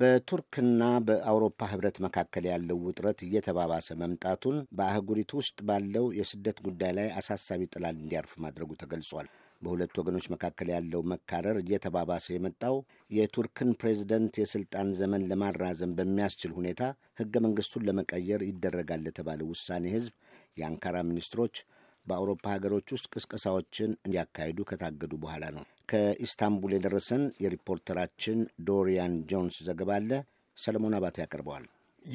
በቱርክና በአውሮፓ ህብረት መካከል ያለው ውጥረት እየተባባሰ መምጣቱን በአህጉሪቱ ውስጥ ባለው የስደት ጉዳይ ላይ አሳሳቢ ጥላል እንዲያርፍ ማድረጉ ተገልጿል። በሁለቱ ወገኖች መካከል ያለው መካረር እየተባባሰ የመጣው የቱርክን ፕሬዝደንት የስልጣን ዘመን ለማራዘም በሚያስችል ሁኔታ ህገ መንግስቱን ለመቀየር ይደረጋል ለተባለ ውሳኔ ህዝብ የአንካራ ሚኒስትሮች በአውሮፓ ሀገሮች ውስጥ ቅስቀሳዎችን እንዲያካሂዱ ከታገዱ በኋላ ነው። ከኢስታንቡል የደረሰን የሪፖርተራችን ዶሪያን ጆንስ ዘገባ አለ። ሰለሞን አባቴ ያቀርበዋል።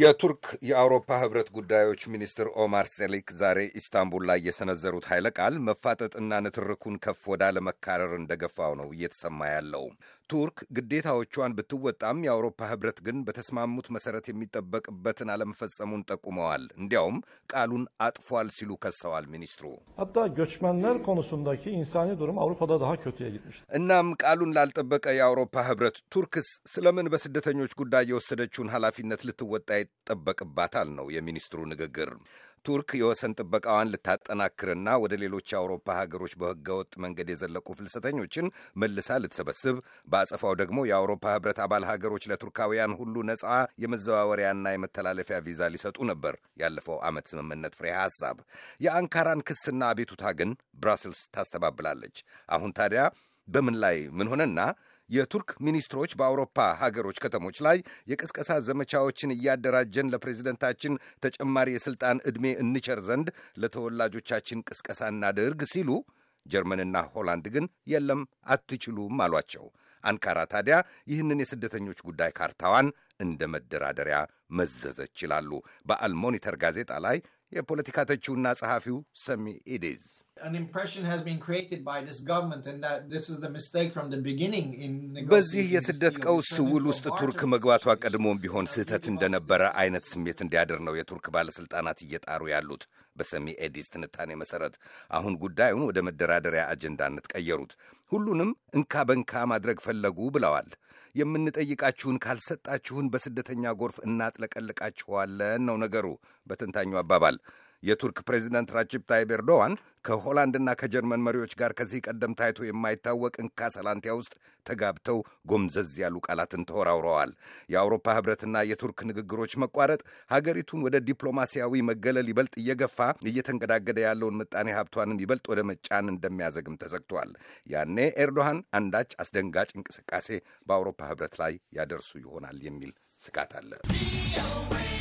የቱርክ የአውሮፓ ህብረት ጉዳዮች ሚኒስትር ኦማር ሴሊክ ዛሬ ኢስታንቡል ላይ የሰነዘሩት ኃይለ ቃል መፋጠጥና ንትርኩን ከፍ ወዳ ለመካረር እንደገፋው ነው እየተሰማ ያለው። ቱርክ ግዴታዎቿን ብትወጣም የአውሮፓ ህብረት ግን በተስማሙት መሰረት የሚጠበቅበትን አለመፈጸሙን ጠቁመዋል። እንዲያውም ቃሉን አጥፏል ሲሉ ከሰዋል ሚኒስትሩ። እናም ቃሉን ላልጠበቀ የአውሮፓ ህብረት ቱርክስ ስለምን በስደተኞች ጉዳይ የወሰደችውን ኃላፊነት ልትወጣ ይጠበቅባታል ነው የሚኒስትሩ ንግግር። ቱርክ የወሰን ጥበቃዋን ልታጠናክርና ወደ ሌሎች የአውሮፓ ሀገሮች በህገወጥ መንገድ የዘለቁ ፍልሰተኞችን መልሳ ልትሰበስብ፣ በአጸፋው ደግሞ የአውሮፓ ህብረት አባል ሀገሮች ለቱርካውያን ሁሉ ነጻ የመዘዋወሪያና የመተላለፊያ ቪዛ ሊሰጡ ነበር ያለፈው ዓመት ስምምነት ፍሬ ሐሳብ። የአንካራን ክስና አቤቱታ ግን ብራስልስ ታስተባብላለች። አሁን ታዲያ በምን ላይ ምን ሆነና የቱርክ ሚኒስትሮች በአውሮፓ ሀገሮች ከተሞች ላይ የቅስቀሳ ዘመቻዎችን እያደራጀን ለፕሬዚደንታችን ተጨማሪ የሥልጣን ዕድሜ እንቸር ዘንድ ለተወላጆቻችን ቅስቀሳ እናድርግ ሲሉ ጀርመንና ሆላንድ ግን የለም አትችሉም አሏቸው። አንካራ ታዲያ ይህንን የስደተኞች ጉዳይ ካርታዋን እንደ መደራደሪያ መዘዘች ይላሉ በአልሞኒተር ሞኒተር ጋዜጣ ላይ የፖለቲካ ተቺውና ጸሐፊው ሰሚ ኢዲዝ በዚህ የስደት ቀውስ ውል ውስጥ ቱርክ መግባቷ ቀድሞም ቢሆን ስህተት እንደነበረ አይነት ስሜት እንዲያደር ነው የቱርክ ባለሥልጣናት እየጣሩ ያሉት። በሰሚ ኤዲስ ትንታኔ መሠረት አሁን ጉዳዩን ወደ መደራደሪያ አጀንዳነት ቀየሩት። ሁሉንም እንካ በንካ ማድረግ ፈለጉ ብለዋል። የምንጠይቃችሁን ካልሰጣችሁን በስደተኛ ጎርፍ እናጥለቀልቃችኋለን ነው ነገሩ በትንታኙ አባባል። የቱርክ ፕሬዚደንት ራጅብ ታይብ ኤርዶዋን ከሆላንድና ከጀርመን መሪዎች ጋር ከዚህ ቀደም ታይቶ የማይታወቅ እንካ ሰላንቲያ ውስጥ ተጋብተው ጎምዘዝ ያሉ ቃላትን ተወራውረዋል። የአውሮፓ ህብረትና የቱርክ ንግግሮች መቋረጥ ሀገሪቱን ወደ ዲፕሎማሲያዊ መገለል ይበልጥ እየገፋ እየተንገዳገደ ያለውን ምጣኔ ሀብቷንም ይበልጥ ወደ መጫን እንደሚያዘግም ተዘግቷል። ያኔ ኤርዶሃን አንዳች አስደንጋጭ እንቅስቃሴ በአውሮፓ ህብረት ላይ ያደርሱ ይሆናል የሚል ስጋት አለ።